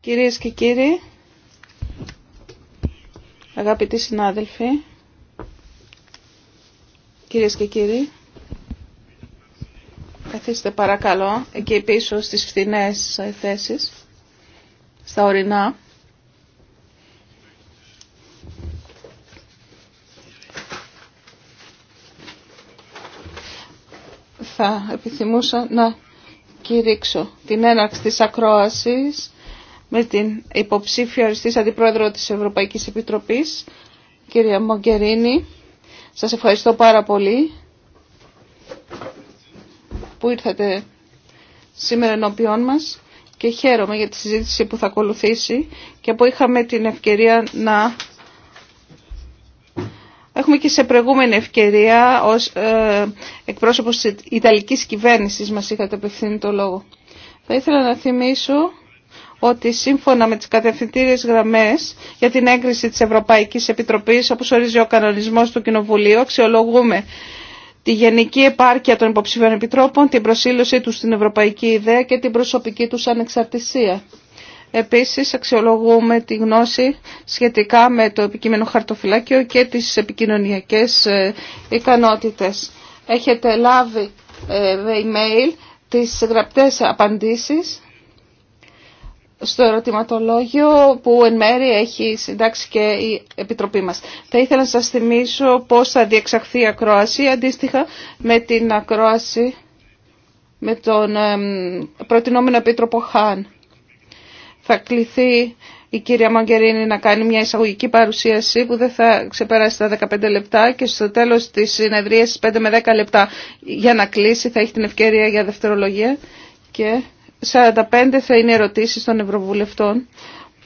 Κυρίες και κύριοι, αγαπητοί συνάδελφοι, κυρίες και κύριοι, καθίστε παρακαλώ εκεί πίσω στις φθηνές θέσεις, στα ορεινά. θα επιθυμούσα να κηρύξω την έναρξη της ακρόασης με την υποψήφια οριστής Αντιπρόεδρο της Ευρωπαϊκής Επιτροπής, κυρία Μογκερίνη. Σας ευχαριστώ πάρα πολύ που ήρθατε σήμερα ενώπιόν μας και χαίρομαι για τη συζήτηση που θα ακολουθήσει και που είχαμε την ευκαιρία να Έχουμε και σε προηγούμενη ευκαιρία ως ε, εκπρόσωπος της Ιταλικής κυβέρνησης μας είχατε απευθύνει το λόγο. Θα ήθελα να θυμίσω ότι σύμφωνα με τις κατευθυντήριες γραμμές για την έγκριση της Ευρωπαϊκής Επιτροπής, όπως ορίζει ο κανονισμός του Κοινοβουλίου, αξιολογούμε τη γενική επάρκεια των υποψηφίων επιτρόπων, την προσήλωσή τους στην ευρωπαϊκή ιδέα και την προσωπική τους ανεξαρτησία. Επίσης αξιολογούμε τη γνώση σχετικά με το επικείμενο χαρτοφυλάκιο και τις επικοινωνιακές ε, ικανότητες. Έχετε λάβει ε, email τις γραπτές απαντήσεις στο ερωτηματολόγιο που εν μέρει έχει συντάξει και η Επιτροπή μας. Θα ήθελα να σας θυμίσω πώς θα διεξαχθεί η ακρόαση αντίστοιχα με την ακρόαση με τον προτινόμενο Επίτροπο Χάν θα κληθεί η κυρία Μαγκερίνη να κάνει μια εισαγωγική παρουσίαση που δεν θα ξεπεράσει τα 15 λεπτά και στο τέλος της συνεδρίας 5 με 10 λεπτά για να κλείσει θα έχει την ευκαιρία για δευτερολογία και 45 θα είναι ερωτήσεις των Ευρωβουλευτών.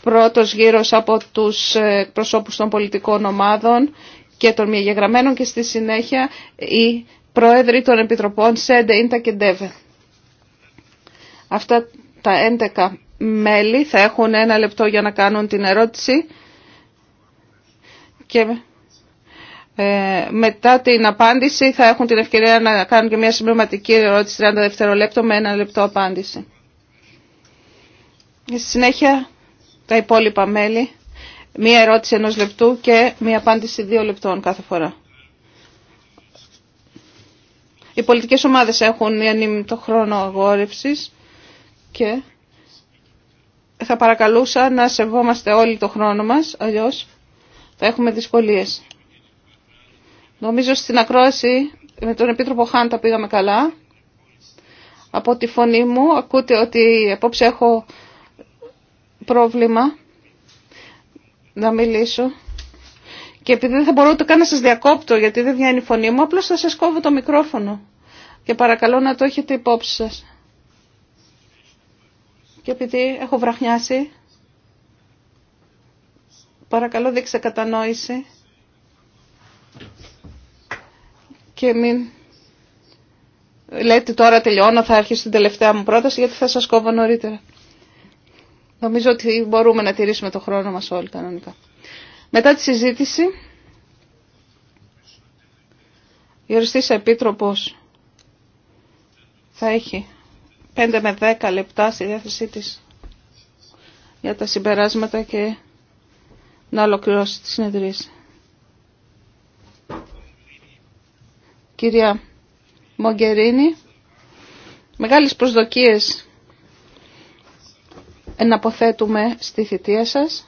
Πρώτος γύρος από τους προσώπους των πολιτικών ομάδων και των μιαγεγραμμένων και στη συνέχεια οι πρόεδροι των Επιτροπών ΣΕΝΤΕ, ΙΝΤΑ και ΝΤΕΒΕ. Αυτά τα 11 μέλη θα έχουν ένα λεπτό για να κάνουν την ερώτηση και ε, μετά την απάντηση θα έχουν την ευκαιρία να κάνουν και μια συμπληρωματική ερώτηση 30 λεπτό με ένα λεπτό απάντηση. Στη συνέχεια τα υπόλοιπα μέλη, μία ερώτηση ενός λεπτού και μία απάντηση δύο λεπτών κάθε φορά. Οι πολιτικές ομάδες έχουν το χρόνο αγόρευσης και θα παρακαλούσα να σεβόμαστε όλοι το χρόνο μας, αλλιώς θα έχουμε δυσκολίες. Νομίζω στην ακρόαση με τον Επίτροπο Χάν τα πήγαμε καλά. Από τη φωνή μου ακούτε ότι απόψε έχω πρόβλημα να μιλήσω. Και επειδή δεν θα μπορώ ούτε καν να σας διακόπτω γιατί δεν βγαίνει η φωνή μου, απλώς θα σας κόβω το μικρόφωνο. Και παρακαλώ να το έχετε υπόψη σας και επειδή έχω βραχνιάσει, παρακαλώ δείξε κατανόηση και μην λέτε τώρα τελειώνω, θα αρχίσει την τελευταία μου πρόταση γιατί θα σας κόβω νωρίτερα. Νομίζω ότι μπορούμε να τηρήσουμε το χρόνο μας όλοι κανονικά. Μετά τη συζήτηση, η οριστής επίτροπος θα έχει 5 με 10 λεπτά στη διάθεσή της για τα συμπεράσματα και να ολοκληρώσει τη συνεδρίαση. Κυρία Μογκερίνη, μεγάλες προσδοκίες εναποθέτουμε στη θητεία σας.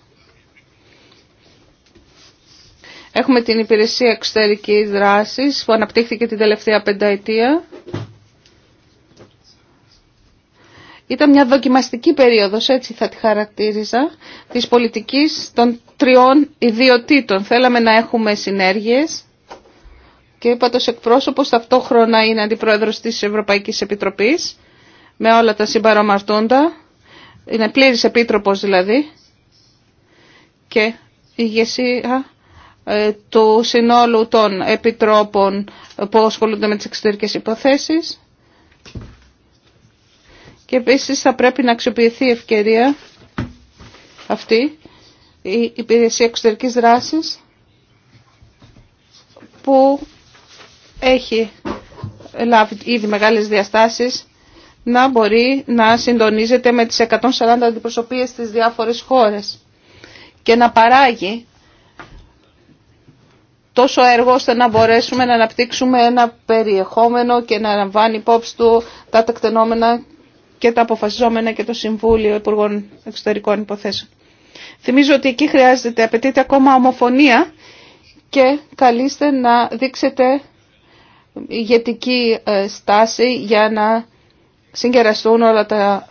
Έχουμε την υπηρεσία εξωτερικής δράσης που αναπτύχθηκε την τελευταία πενταετία. Ήταν μια δοκιμαστική περίοδος, έτσι θα τη χαρακτήριζα, της πολιτικής των τριών ιδιωτήτων. Θέλαμε να έχουμε συνέργειες και είπα το εκπρόσωπος ταυτόχρονα είναι αντιπρόεδρος της Ευρωπαϊκής Επιτροπής με όλα τα συμπαρομαρτούντα. Είναι πλήρης επίτροπος δηλαδή και ηγεσία ε, του συνόλου των επιτρόπων που ασχολούνται με τις εξωτερικές υποθέσεις και επίσης θα πρέπει να αξιοποιηθεί η ευκαιρία αυτή, η υπηρεσία εξωτερικής δράσης, που έχει λάβει ήδη μεγάλες διαστάσεις, να μπορεί να συντονίζεται με τις 140 αντιπροσωπείες στις διάφορες χώρες και να παράγει τόσο έργο ώστε να μπορέσουμε να αναπτύξουμε ένα περιεχόμενο και να λαμβάνει υπόψη του τα τεκτενόμενα και τα αποφασιζόμενα και το Συμβούλιο Υπουργών Εξωτερικών Υποθέσεων. Θυμίζω ότι εκεί χρειάζεται, απαιτείται ακόμα ομοφωνία και καλείστε να δείξετε ηγετική ε, στάση για να συγκεραστούν όλα τα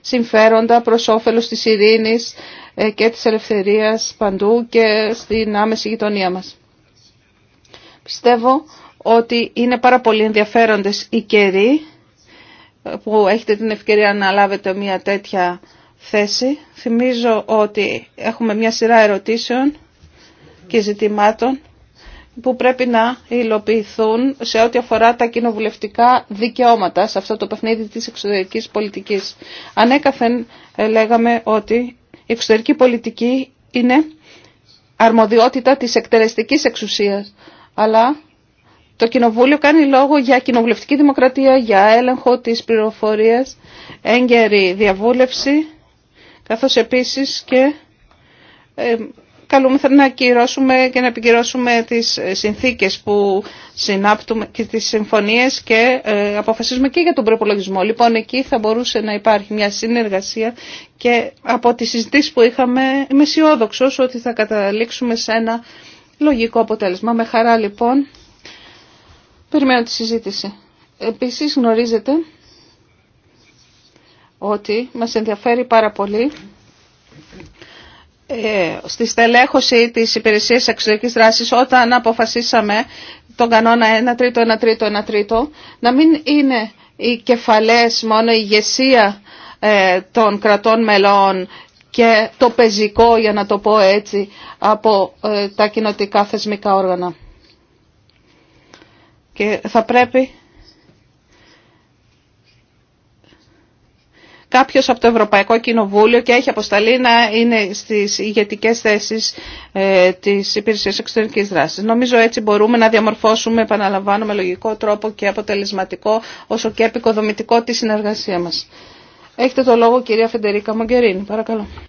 συμφέροντα προς όφελος της ειρήνης ε, και της ελευθερίας παντού και στην άμεση γειτονία μας. Πιστεύω ότι είναι πάρα πολύ ενδιαφέροντες οι καιροί που έχετε την ευκαιρία να λάβετε μια τέτοια θέση. Θυμίζω ότι έχουμε μια σειρά ερωτήσεων και ζητημάτων που πρέπει να υλοποιηθούν σε ό,τι αφορά τα κοινοβουλευτικά δικαιώματα σε αυτό το παιχνίδι της εξωτερικής πολιτικής. Ανέκαθεν ε, λέγαμε ότι η εξωτερική πολιτική είναι αρμοδιότητα της εκτελεστικής εξουσίας, αλλά το Κοινοβούλιο κάνει λόγο για κοινοβουλευτική δημοκρατία, για έλεγχο της πληροφορίας, έγκαιρη διαβούλευση, καθώς επίσης και ε, καλούμεθα να ακυρώσουμε και να επικυρώσουμε τις συνθήκες που συνάπτουμε και τις συμφωνίες και ε, αποφασίζουμε και για τον προπολογισμό. Λοιπόν, εκεί θα μπορούσε να υπάρχει μια συνεργασία και από τις συζητήσεις που είχαμε είμαι αισιόδοξο ότι θα καταλήξουμε σε ένα λογικό αποτέλεσμα. Με χαρά λοιπόν Περιμένω τη συζήτηση. Επίσης γνωρίζετε ότι μας ενδιαφέρει πάρα πολύ ε, στη στελέχωση της υπηρεσίας εξωτερικής δράσης όταν αποφασίσαμε τον κανόνα 1 τρίτο, 1 τρίτο, 1 τρίτο να μην είναι οι κεφαλές μόνο η ηγεσία ε, των κρατών μελών και το πεζικό για να το πω έτσι από ε, τα κοινοτικά θεσμικά όργανα και θα πρέπει κάποιος από το Ευρωπαϊκό Κοινοβούλιο και έχει αποσταλεί να είναι στις ηγετικές θέσεις ε, της υπηρεσίας εξωτερικής δράσης. Νομίζω έτσι μπορούμε να διαμορφώσουμε, επαναλαμβάνω, με λογικό τρόπο και αποτελεσματικό, όσο και επικοδομητικό τη συνεργασία μας. Έχετε το λόγο κυρία Φεντερίκα Μογκερίνη, παρακαλώ.